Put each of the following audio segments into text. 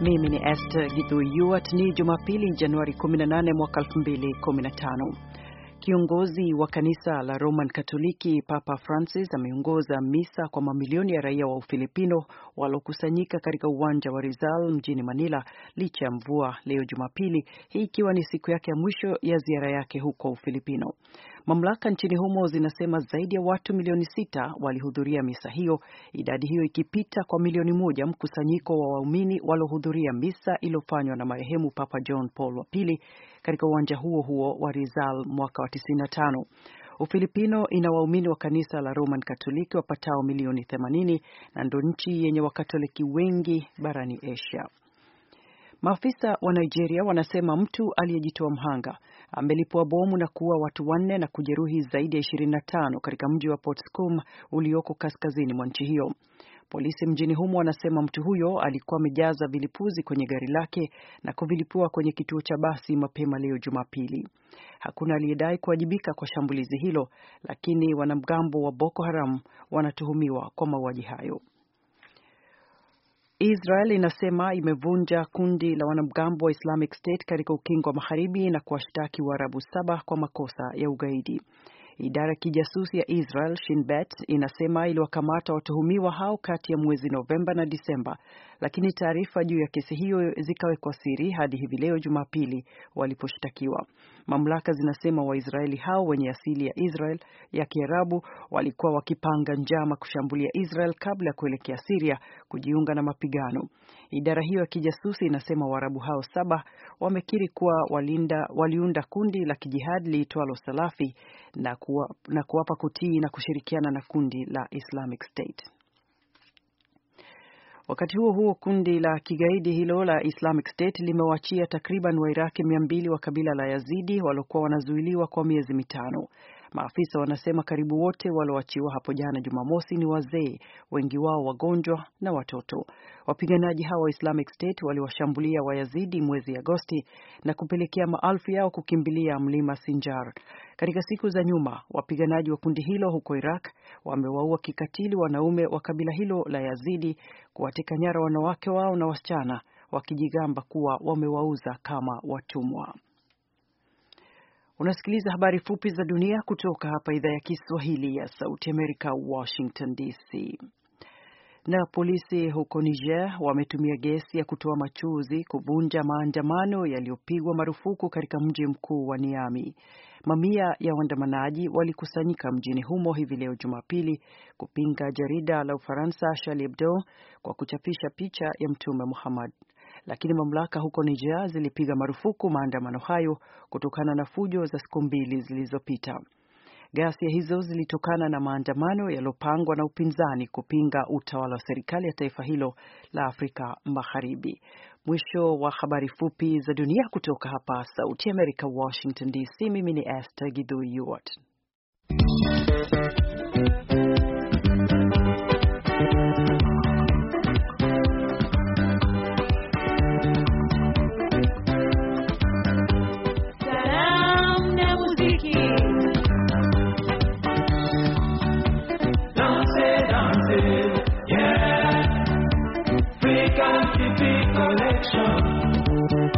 Mimi ni Esther Githui Yuat. Ni Jumapili, Januari 18 mwaka 2015. Kiongozi wa kanisa la Roman Katoliki Papa Francis ameongoza misa kwa mamilioni ya raia wa Ufilipino waliokusanyika katika uwanja wa Rizal mjini Manila licha ya mvua leo Jumapili, hii ikiwa ni siku yake ya mwisho ya ziara yake huko Ufilipino. Mamlaka nchini humo zinasema zaidi ya watu milioni sita walihudhuria misa hiyo, idadi hiyo ikipita kwa milioni moja mkusanyiko wa waumini waliohudhuria misa iliyofanywa na marehemu Papa John Paul wa pili katika uwanja huo huo wa Rizal mwaka wa 95. Ufilipino ina waumini wa kanisa la Roman Katoliki wapatao milioni 80 na ndo nchi yenye Wakatoliki wengi barani Asia. Maafisa wa Nigeria wanasema mtu aliyejitoa mhanga amelipua bomu na kuua watu wanne na kujeruhi zaidi ya 25 katika mji wa Potiskum ulioko kaskazini mwa nchi hiyo. Polisi mjini humo wanasema mtu huyo alikuwa amejaza vilipuzi kwenye gari lake na kuvilipua kwenye kituo cha basi mapema leo Jumapili. Hakuna aliyedai kuwajibika kwa shambulizi hilo, lakini wanamgambo wa Boko Haram wanatuhumiwa kwa mauaji hayo. Israel inasema imevunja kundi la wanamgambo wa Islamic State katika ukingo wa magharibi na kuwashtaki Waarabu saba kwa makosa ya ugaidi. Idara ya kijasusi ya Israel Shin Bet inasema iliwakamata watuhumiwa hao kati ya mwezi Novemba na Disemba lakini taarifa juu ya kesi hiyo zikawekwa siri hadi hivi leo Jumapili waliposhtakiwa. Mamlaka zinasema Waisraeli hao wenye asili ya Israel ya Kiarabu walikuwa wakipanga njama kushambulia Israel kabla ya kuelekea Siria kujiunga na mapigano. Idara hiyo ya kijasusi inasema Waarabu hao saba wamekiri kuwa walinda, waliunda kundi la kijihadi liitwalo Salafi na kuwapa kutii na kushirikiana na kundi la Islamic State. Wakati huo huo, kundi la kigaidi hilo la Islamic State limewachia takriban Wairaki mia mbili wa kabila la Yazidi waliokuwa wanazuiliwa kwa miezi mitano. Maafisa wanasema karibu wote walioachiwa hapo jana Jumamosi ni wazee, wengi wao wagonjwa na watoto. Wapiganaji hawa wa Islamic State waliwashambulia Wayazidi mwezi Agosti na kupelekea maelfu yao kukimbilia mlima Sinjar. Katika siku za nyuma, wapiganaji wa kundi hilo huko Iraq wamewaua kikatili wanaume wa kabila hilo la Yazidi, kuwateka nyara wanawake wao na wasichana, wakijigamba kuwa wamewauza kama watumwa. Unasikiliza habari fupi za dunia kutoka hapa idhaa ya Kiswahili ya Sauti Amerika, Washington DC. Na polisi huko Niger wametumia gesi ya kutoa machozi kuvunja maandamano yaliyopigwa marufuku katika mji mkuu wa niami Mamia ya waandamanaji walikusanyika mjini humo hivi leo Jumapili kupinga jarida la Ufaransa Charlie Hebdo kwa kuchapisha picha ya Mtume Muhammad lakini mamlaka huko Niger zilipiga marufuku maandamano hayo kutokana na fujo za siku mbili zilizopita. Ghasia hizo zilitokana na maandamano yaliyopangwa na upinzani kupinga utawala wa serikali ya taifa hilo la Afrika Magharibi. Mwisho wa habari fupi za dunia kutoka hapa Sauti ya Amerika, Washington DC. Mimi ni Esther Gidhu Yuart. CCP collection.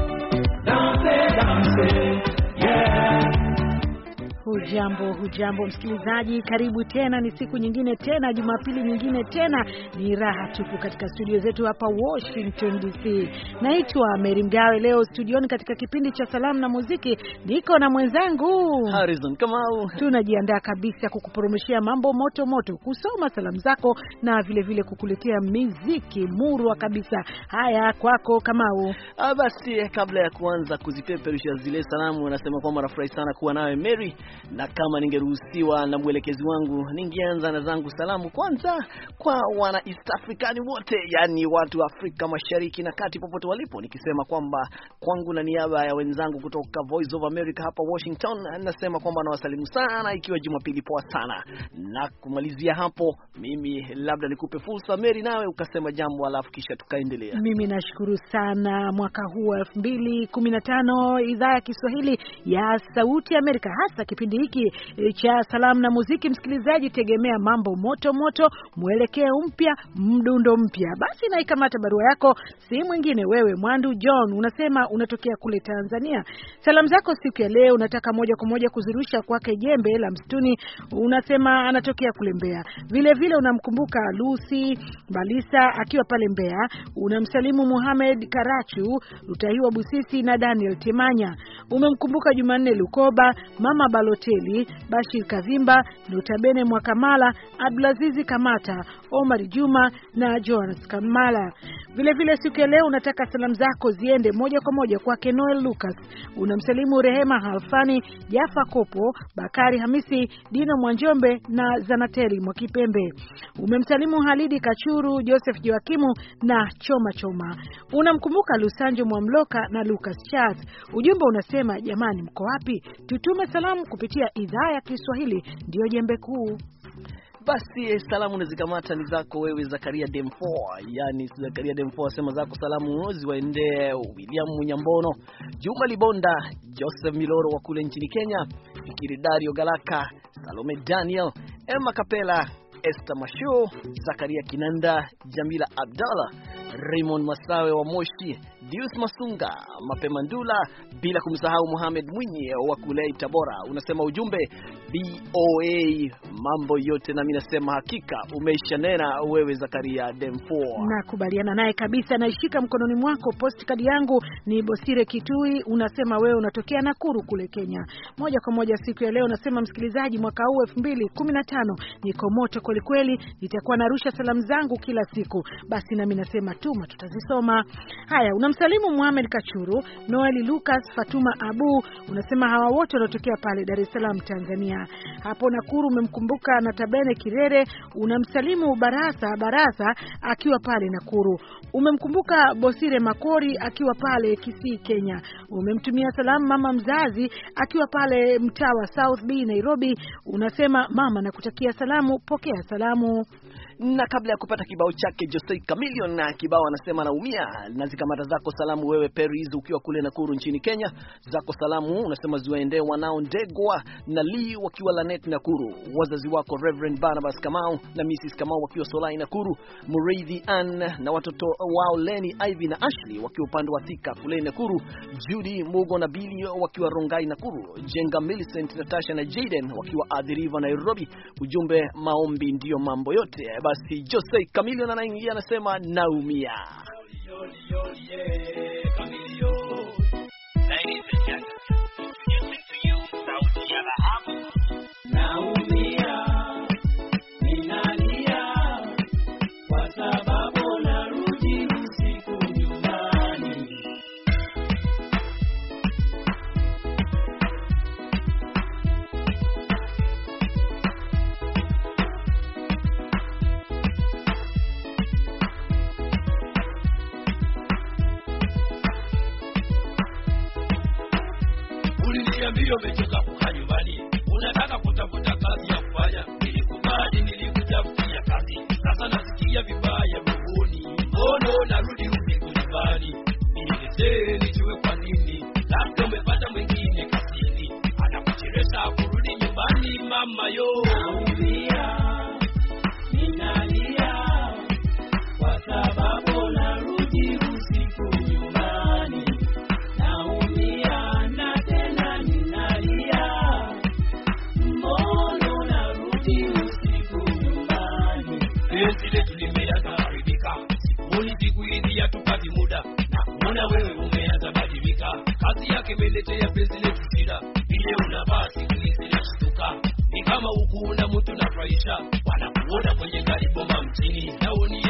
Hujambo, hujambo msikilizaji, karibu tena. Ni siku nyingine tena, jumapili nyingine tena, ni raha tupu katika studio zetu hapa Washington DC. Naitwa Meri Mgawe, leo studioni katika kipindi cha salamu na muziki niko na mwenzangu Harrison Kamau. Tunajiandaa kabisa kukuporomeshea mambo moto moto, kusoma salamu zako na vile vile kukuletea miziki murwa kabisa. Haya, kwako Kamau. Ah, basi eh, kabla ya kuanza kuzipeperusha zile salamu, nasema kwamba nafurahi sana kuwa nawe Mary na kama ningeruhusiwa na mwelekezi wangu ningeanza na zangu salamu kwanza kwa wana East African wote, yani watu wa Afrika Mashariki na Kati popote walipo, nikisema kwamba kwangu na niaba ya wenzangu kutoka Voice of America hapa Washington, nasema kwamba nawasalimu sana, ikiwa Jumapili poa sana. Na kumalizia hapo, mimi labda nikupe fursa Mary, nawe ukasema jambo alafu kisha tukaendelea. Mimi nashukuru sana mwaka huu wa 2015 idhaa ya Kiswahili ya Sauti ya Amerika, hasa kipindi kipindi hiki eh, cha salamu na muziki, msikilizaji, tegemea mambo moto moto, mwelekeo mpya, mdundo mpya. Basi naikamata barua yako, si mwingine wewe, Mwandu John. Unasema unatokea kule Tanzania. Salamu zako siku ya leo unataka moja kwa moja kuzirusha kwake Jembe la Msituni, unasema anatokea kule Mbeya. Vile vile unamkumbuka Lucy Balisa akiwa pale Mbeya, unamsalimu Muhammad Karachu, Lutahiwa Busisi na Daniel Timanya. Umemkumbuka Jumanne Lukoba, Mama Baloti Mteli, Bashir Kazimba, Lutabene Mwakamala, Abdulazizi Kamata, Omar Juma na Jonas Kamala. Vilevile vile siku ya leo unataka salamu zako ziende moja kwa moja kwake Noel Lucas, unamsalimu Rehema Halfani, Jafa Kopo, Bakari Hamisi, Dino Mwanjombe na Zanateli Mwakipembe. Umemsalimu Halidi Kachuru, Joseph Joakimu na Choma Choma. Unamkumbuka Lusanjo Mwamloka na Lucas Charles. Ujumbe unasema jamani, mko wapi? Tutume salamu kupitia kupitia idhaa ya Kiswahili ndiyo jembe kuu. Basi eh, salamu na zikamata ni zako wewe Zakaria Demfo, yani Zakaria Demfo, asema zako salamu ziwaendee William Munyambono, Juma Libonda, Joseph Miloro wa kule nchini Kenya, Fikiri Dario Galaka, Salome Daniel, Emma Kapela, Esther Mashu, Zakaria Kinanda, Jamila Abdallah Raymond Masawe wa Moshi, Dius Masunga, Mapema Ndula, bila kumsahau Mohamed Mwinyi wa Kulei, Tabora. Unasema ujumbe BOA mambo yote, nami nasema hakika umeisha nena wewe Zakaria Demfo. Nakubaliana naye kabisa. Naishika mkononi mwako postkadi yangu ni Bosire Kitui, unasema wewe unatokea Nakuru kule Kenya. Moja kwa moja siku ya leo unasema msikilizaji, mwaka huu 2015 niko moto kweli, nitakuwa narusha salamu zangu kila siku. Basi nami nasema umetuma, tutazisoma. Haya, unamsalimu Muhamed Kachuru, Noeli Lucas, Fatuma Abu, unasema hawa wote wanaotokea pale Dar es Salaam, Tanzania. Hapo Nakuru umemkumbuka na Tabene Kirere, unamsalimu Barasa Barasa akiwa pale Nakuru, umemkumbuka Bosire Makori akiwa pale Kisii, Kenya. Umemtumia salamu mama mzazi akiwa pale mtaa wa South B Nairobi, unasema mama, nakutakia salamu, pokea salamu. Na kabla ya kupata kibao chake Jose Chameleone na kibao anasema naumia, na zikamata zako salamu wewe Paris, ukiwa kule Nakuru nchini Kenya, zako salamu unasema ziwaendee Ndegwa na Lee wakiwa Lanet Nakuru, wazazi wako Reverend Barnabas Kamau na Mrs Kamau wakiwa Solai Nakuru, Mureithi Ann na watoto wao Leni, Ivy na Ashley wakiwa upande wa Thika kule Nakuru, Judy Mugo na Billy wakiwa Rongai Nakuru, Jenga Millicent, Natasha na Jaden wakiwa Adhiriva Nairobi. Ujumbe, maombi ndiyo mambo yote basi Jose Chameleone anaingia anasema naumia mia mbili wamecheza kukaa nyumbani. Unataka kutafuta kazi ya kufanya, nilikubali, nilikutafutia kazi, sasa nasikia vibaya. kimeletea penzi letu shida, vile unavaa siku hizi nashtuka, ni kama huku mtu na praisha, wanakuona kwenye gari bomba mjini naoni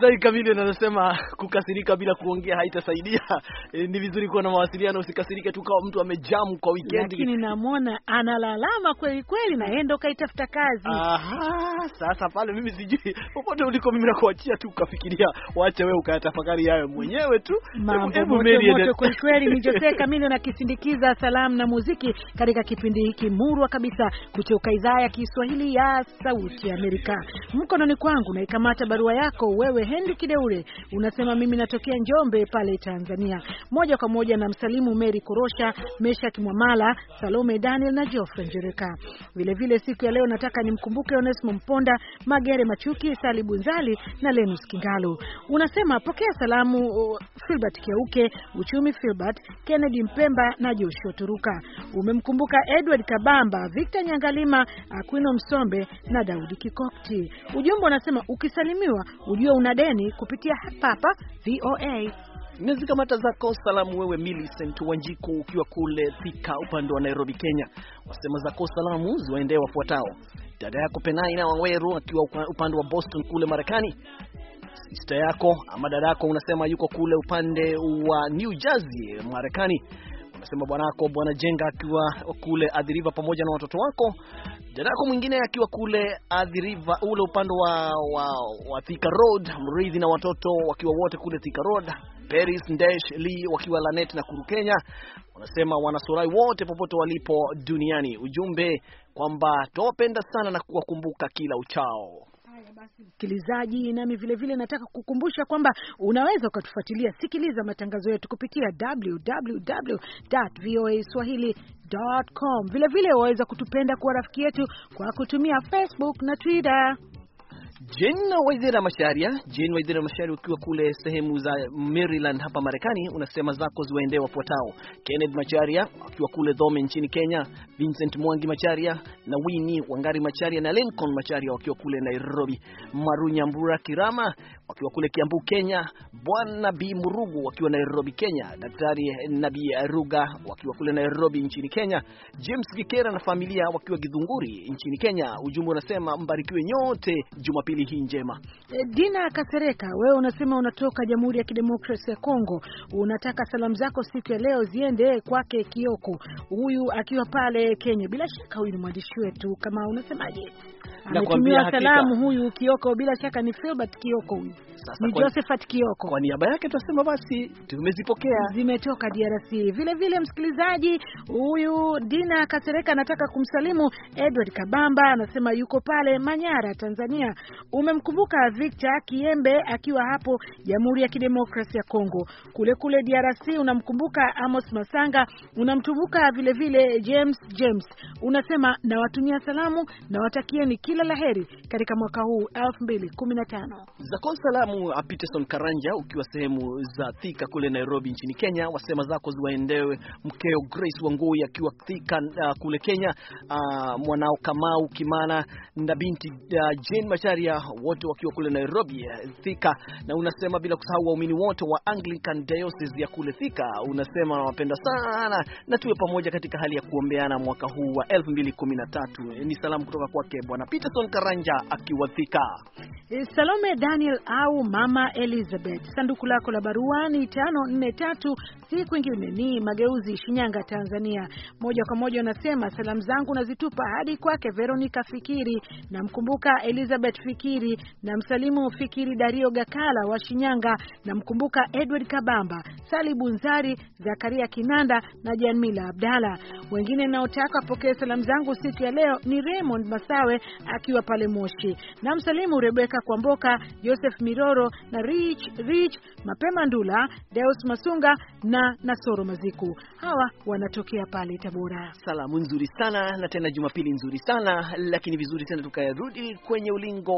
Masai Kamili anasema kukasirika bila kuongea haitasaidia. E, ni vizuri kuwa na mawasiliano, usikasirike tu kama mtu amejamu kwa weekend. Lakini namwona analalama kweli kweli, na yeye ndo kaitafuta kazi. Aha, sasa pale mimi sijui popote uliko, mimi nakuachia tu ukafikiria, waache wewe ukayatafakari yayo mwenyewe tu. Mambo moto kweli kweli. Ni Jose Kamili nakisindikiza salamu na muziki katika kipindi hiki murwa kabisa kutoka idhaa ya Kiswahili ya Sauti ya Amerika. Mkononi kwangu naikamata barua yako wewe Henry Kideule unasema mimi natokea Njombe pale Tanzania. Moja kwa moja na msalimu Mary Korosha, Meshak Mwamala, Salome Daniel na Geoffrey Njereka. Vile vile siku ya leo nataka nimkumbuke Onesmo Mponda, Magere Machuki, Sali Bunzali na Lenus Kingalu. Unasema pokea salamu Filbert Keuke, Uchumi Filbert, Kennedy Mpemba na Joshua Turuka. Umemkumbuka Edward Kabamba, Victor Nyangalima, Aquino Msombe na Daudi Kikokti. Ujumbe unasema ukisalimiwa ujue una madeni kupitia hapa hapa VOA na zako salamu wewe Millicent Wanjiku ukiwa kule Thika upande wa Nairobi, Kenya. Wasema zako salamu ziwaendee wafuatao: dada yako Penina Waweru akiwa upande wa Boston kule Marekani, sista yako ama dada yako unasema yuko kule upande wa New Jersey Marekani, anasema bwanako bwana Jenga akiwa kule Adhiriva pamoja na watoto wako, dadako mwingine akiwa kule Adhiriva ule upande wa, wa, wa Thika Road, mrithi na watoto wakiwa wote kule Thika Road, Paris Ndesh Lee wakiwa Lanet na Kuru Kenya, wanasema wanasurai wote popote walipo duniani, ujumbe kwamba tawapenda sana na kuwakumbuka kila uchao basi msikilizaji, nami vilevile nataka kukumbusha kwamba unaweza ukatufuatilia, sikiliza matangazo yetu kupitia www.voaswahili.com. Vilevile waweza kutupenda kwa rafiki yetu kwa kutumia Facebook na Twitter. Jen Waithera Masharia, Jen Waithera Masharia, ukiwa kule sehemu za Maryland hapa Marekani, unasema zako ziwaendee wafuatao: Kenneth Macharia akiwa kule Dhome nchini Kenya, Vincent Mwangi Macharia na Winnie Wangari Macharia na Lincoln Macharia wakiwa kule Nairobi, Maru Nyambura Kirama wakiwa kule Kiambu Kenya, Bwana B Murugu wakiwa Nairobi Kenya, Daktari Nabi Ruga wakiwa kule Nairobi nchini Kenya, James Gikera na familia wakiwa Githunguri nchini Kenya. Ujumbe unasema mbarikiwe nyote Jumapili Jumapili hii njema. Eh, Dina Kasereka, wewe unasema unatoka Jamhuri ya Kidemokrasia ya Kongo, unataka salamu zako siku ya leo ziende kwake Kioko, huyu akiwa pale Kenya. Bila shaka huyu ni mwandishi wetu, kama unasemaje, ametumia salamu huyu Kioko. Bila shaka ni Filbert Kioko huyu ni Josephat Kioko. Kwa niaba yake tunasema basi tumezipokea, zimetoka DRC. Vile vile, msikilizaji huyu Dina Kasereka anataka kumsalimu Edward Kabamba, anasema yuko pale Manyara, Tanzania. Umemkumbuka Victor Kiembe akiwa hapo Jamhuri ya Kidemokrasia ya Kongo. Kule kule DRC unamkumbuka Amos Masanga, unamtumbuka vile vile James James. Unasema nawatumia salamu na kila laheri katika mwaka huu 2015. Zako salamu a Peterson Karanja ukiwa sehemu za Thika kule Nairobi nchini Kenya, wasema zako ziwaendewe mkeo Grace Wangui akiwa Thika uh, kule Kenya, uh, mwanao Kamau Kimana na binti uh, Jane Macharia Tanzania, wote wakiwa kule Nairobi eh, Thika, na unasema bila kusahau waumini wote wa Anglican Diocese ya kule Thika, unasema nawapenda sana na tuwe pamoja katika hali ya kuombeana mwaka huu wa 2013. Eh, ni salamu kutoka kwake Bwana Peterson Karanja akiwa Thika. Eh, Salome Daniel au Mama Elizabeth, sanduku lako la barua ni 543 si kwingine ni Mageuzi, Shinyanga, Tanzania. Moja kwa moja unasema salamu zangu nazitupa hadi kwake Veronica Fikiri, namkumbuka Elizabeth Fikiri Fikiri na msalimu Fikiri Dario Gakala wa Shinyanga na mkumbuka Edward Kabamba, Sali Bunzari, Zakaria Kinanda na Janmila Abdala. Wengine naotaka pokee salamu zangu siku ya leo ni Raymond Masawe akiwa pale Moshi na msalimu Rebeka Kwamboka, Joseph Miroro na Rich Rich Mapema Ndula, Deus Masunga na Nasoro Maziku. Hawa wanatokea pale Tabora. Salamu nzuri sana na tena Jumapili nzuri sana lakini vizuri tena tukarudi kwenye ulingo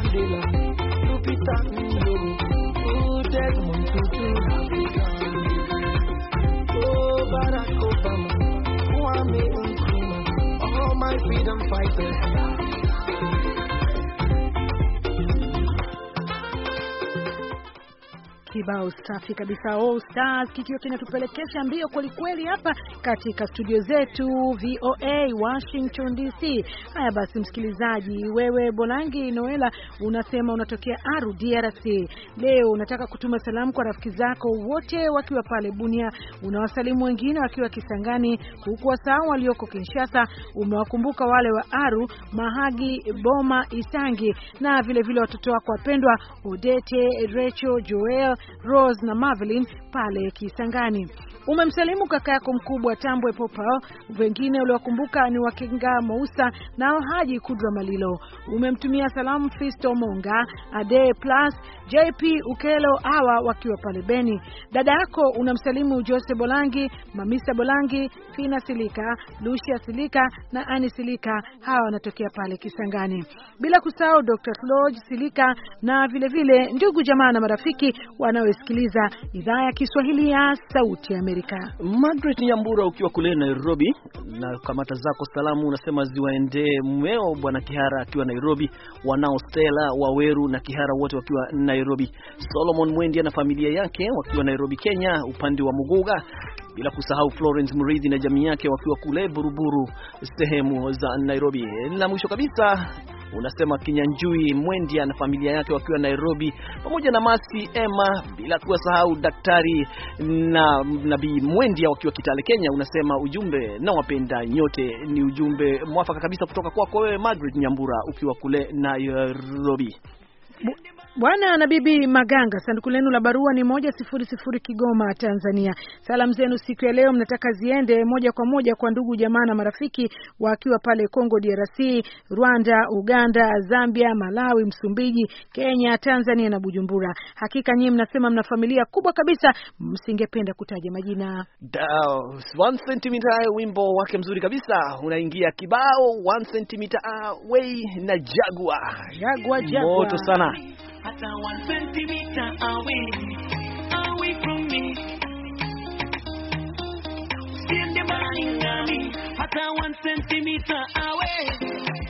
Mandela, Lupita Nyong'o, oh Desmond Tutu, oh Barack Obama, Kwame Nkrumah, all my freedom fighters. kibao safi kabisa All Stars kikiwa kinatupelekesha mbio kwelikweli hapa katika studio zetu VOA Washington DC. Haya basi, msikilizaji, wewe Bolangi Noela unasema unatokea Aru DRC, leo unataka kutuma salamu kwa rafiki zako wote wakiwa pale Bunia, unawasalimu wengine wakiwa Kisangani, huku wasahau walioko Kinshasa. Umewakumbuka wale wa Aru, Mahagi, Boma, Isangi na vilevile watoto wako wapendwa Odete, Recho, Joel Rose na Marvelin pale Kisangani. Umemsalimu kaka yako mkubwa Tambwe Popa, wengine uliowakumbuka ni Wakinga Mousa na Haji Kudra Malilo. Umemtumia salamu Fisto Monga, Ade Plus, JP Ukelo, hawa wakiwa pale Beni. Dada yako unamsalimu Jose Bolangi, Mamisa Bolangi, Fina Silika, Lucia Silika na Ani Silika, hawa wanatokea pale Kisangani, bila kusahau Dr. Claude Silika na vilevile vile, ndugu jamaa na marafiki wanaosikiliza idhaa ya Kiswahili ya Sauti ya Amerika. Margaret Nyambura, ukiwa kule Nairobi, na kamata zako salamu unasema ziwaendee mweo bwana Kihara akiwa Nairobi, wanao Stella Waweru na Kihara wote wakiwa Nairobi, Solomon Mwendi na familia yake wakiwa Nairobi, Kenya, upande wa Muguga, bila kusahau Florence Murithi na jamii yake wakiwa kule Buruburu, sehemu za Nairobi. Na mwisho kabisa unasema Kinyanjui Mwendia na familia yake wakiwa Nairobi, pamoja na Masi Emma, bila kuwasahau Daktari na Nabii Mwendia wakiwa Kitale, Kenya. Unasema ujumbe na wapenda nyote, ni ujumbe mwafaka kabisa kutoka kwako wewe Margaret Nyambura ukiwa kule Nairobi. Bwana na Bibi Maganga, sanduku lenu la barua ni moja sifuri sifuri Kigoma, Tanzania. Salamu zenu siku ya leo mnataka ziende moja kwa moja kwa ndugu jamaa na marafiki wakiwa pale Congo DRC, Rwanda, Uganda, Zambia, Malawi, Msumbiji, Kenya, Tanzania na Bujumbura. Hakika nyie mnasema mna familia kubwa kabisa, msingependa kutaja majina. One centimeter, wimbo wake mzuri kabisa unaingia kibao one centimeter away na Jagwa, Jagwa, Jagwa. Moto sana At a one centimeter away, away from me. Still demanding me. At a one centimeter away.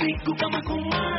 siku kama kumwa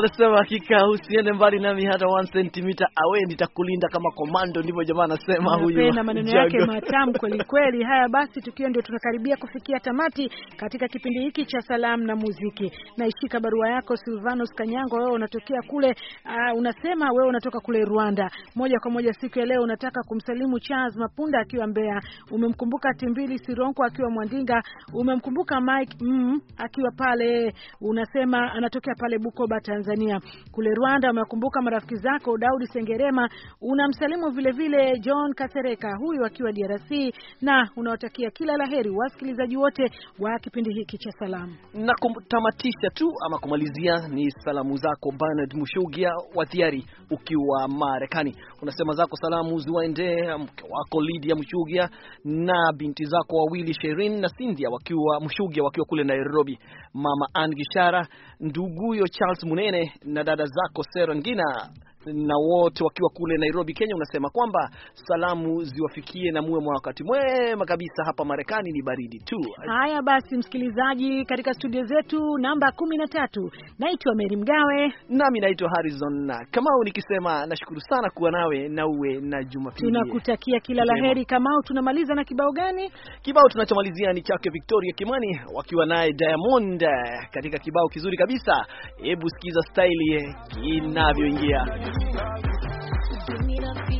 anasema hakika usiende mbali nami hata 1 cm, awe nitakulinda kama komando. Ndivyo jamaa anasema huyu, na maneno yake matamu kweli kweli. Haya basi, tukio ndio tunakaribia kufikia tamati katika kipindi hiki cha salamu na muziki. Naishika barua yako Silvanos Kanyango, wewe unatokea kule uh, unasema wewe unatoka kule Rwanda. Moja kwa moja siku ya leo unataka kumsalimu Charles Mapunda akiwa Mbeya, umemkumbuka Timbili Sironko akiwa Mwandinga, umemkumbuka Mike mm, akiwa pale unasema anatokea pale Bukoba Tanzania. Tanzania. Kule Rwanda umekumbuka marafiki zako Daudi Sengerema, unamsalimu vile vile John Kasereka, huyu akiwa DRC, na unawatakia kila laheri wasikilizaji wote wa kipindi hiki cha salamu. Na kumtamatisha tu ama kumalizia ni salamu zako Bernard Mushugia wa Thiari, ukiwa Marekani, unasema zako salamu ziwaendee mke wako Lydia Mshugia na binti zako wawili Sherin na Cynthia wakiwa Mshugia wakiwa kule Nairobi, mama Angishara, nduguyo Charles Munene na dada zako Serengina na wote wakiwa kule Nairobi, Kenya, unasema kwamba salamu ziwafikie na muwe mwa wakati mwema kabisa. Hapa Marekani ni baridi tu. Haya basi, msikilizaji, katika studio zetu namba kumi na tatu, naitwa Meri Mgawe nami naitwa Harrison Kamau, nikisema nashukuru sana kuwa nawe na uwe na Jumapili. Tunakutakia kila laheri Kamau. Tunamaliza na kibao gani? Kibao tunachomalizia ni chake Victoria Kimani wakiwa naye Diamond katika kibao kizuri kabisa. Hebu sikiza staili kinavyoingia. Eh, Give me the feeling.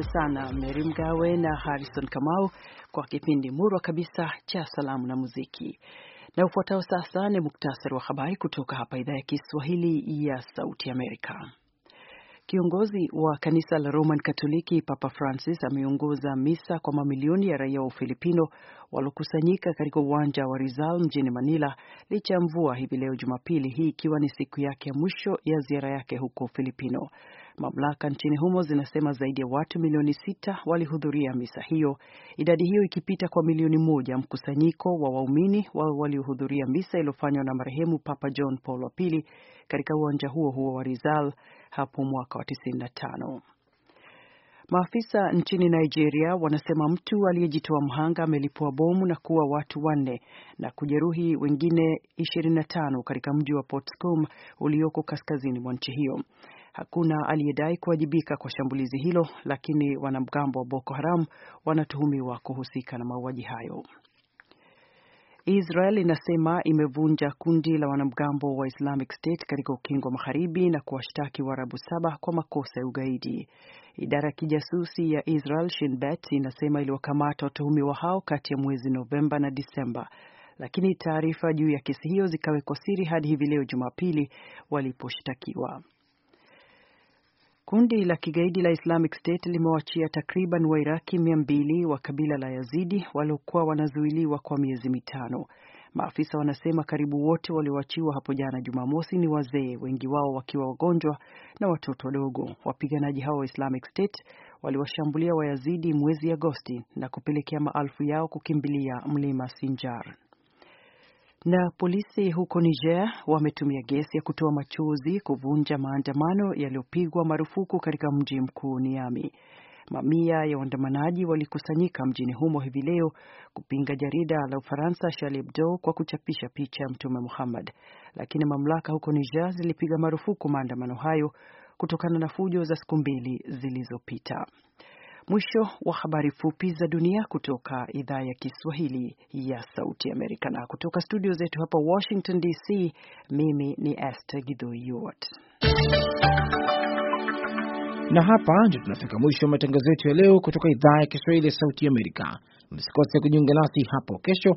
Asante sana Meri Mgawe na Harrison Kamau kwa kipindi murwa kabisa cha salamu na muziki. Na ufuatao sasa ni muktasari wa habari kutoka hapa idhaa ya Kiswahili ya Sauti Amerika. Kiongozi wa kanisa la Roman Katoliki Papa Francis ameongoza misa kwa mamilioni ya raia wa Ufilipino waliokusanyika katika uwanja wa Rizal mjini Manila licha ya mvua hivi leo Jumapili, hii ikiwa ni siku yake ya mwisho ya ziara yake huko Filipino. Mamlaka nchini humo zinasema zaidi ya watu milioni sita walihudhuria misa hiyo, idadi hiyo ikipita kwa milioni moja mkusanyiko wa waumini wao waliohudhuria misa iliyofanywa na marehemu Papa John Paul wa pili katika uwanja huo huo wa Rizal hapo mwaka wa 95. Maafisa nchini Nigeria wanasema mtu aliyejitoa mhanga amelipua bomu na kuua watu wanne na kujeruhi wengine 25 katika mji wa Potiskum ulioko kaskazini mwa nchi hiyo. Hakuna aliyedai kuwajibika kwa shambulizi hilo, lakini wanamgambo wa Boko Haram wanatuhumiwa kuhusika na mauaji hayo. Israel inasema imevunja kundi la wanamgambo wa Islamic State katika ukingo wa magharibi na kuwashtaki Waarabu saba kwa makosa ya ugaidi. Idara ya kijasusi ya Israel Shin Bet inasema iliwakamata watuhumiwa hao kati ya mwezi Novemba na Disemba, lakini taarifa juu ya kesi hiyo zikawekwa siri hadi hivi leo Jumapili waliposhtakiwa. Kundi la kigaidi la Islamic State limewaachia takriban Wairaki mia mbili wa kabila la Yazidi waliokuwa wanazuiliwa kwa miezi mitano. Maafisa wanasema karibu wote walioachiwa hapo jana Jumamosi ni wazee, wengi wao wakiwa wagonjwa na watoto wadogo. Wapiganaji hao wa Islamic State waliwashambulia Wayazidi mwezi Agosti na kupelekea maelfu yao kukimbilia mlima Sinjar. Na polisi huko Niger wametumia gesi ya kutoa machozi kuvunja maandamano yaliyopigwa marufuku katika mji mkuu Niamey. Mamia ya waandamanaji walikusanyika mjini humo hivi leo kupinga jarida la Ufaransa Charlie Hebdo kwa kuchapisha picha ya Mtume Muhammad, lakini mamlaka huko Niger zilipiga marufuku maandamano hayo kutokana na fujo za siku mbili zilizopita. Mwisho wa habari fupi za dunia kutoka idhaa ya Kiswahili ya Sauti Amerika, na kutoka studio zetu hapa Washington DC, mimi ni Esther Gidhyuart. Na hapa ndio tunafika mwisho wa matangazo yetu ya leo kutoka idhaa ya Kiswahili ya Sauti Amerika. Msikose kujiunga nasi hapo kesho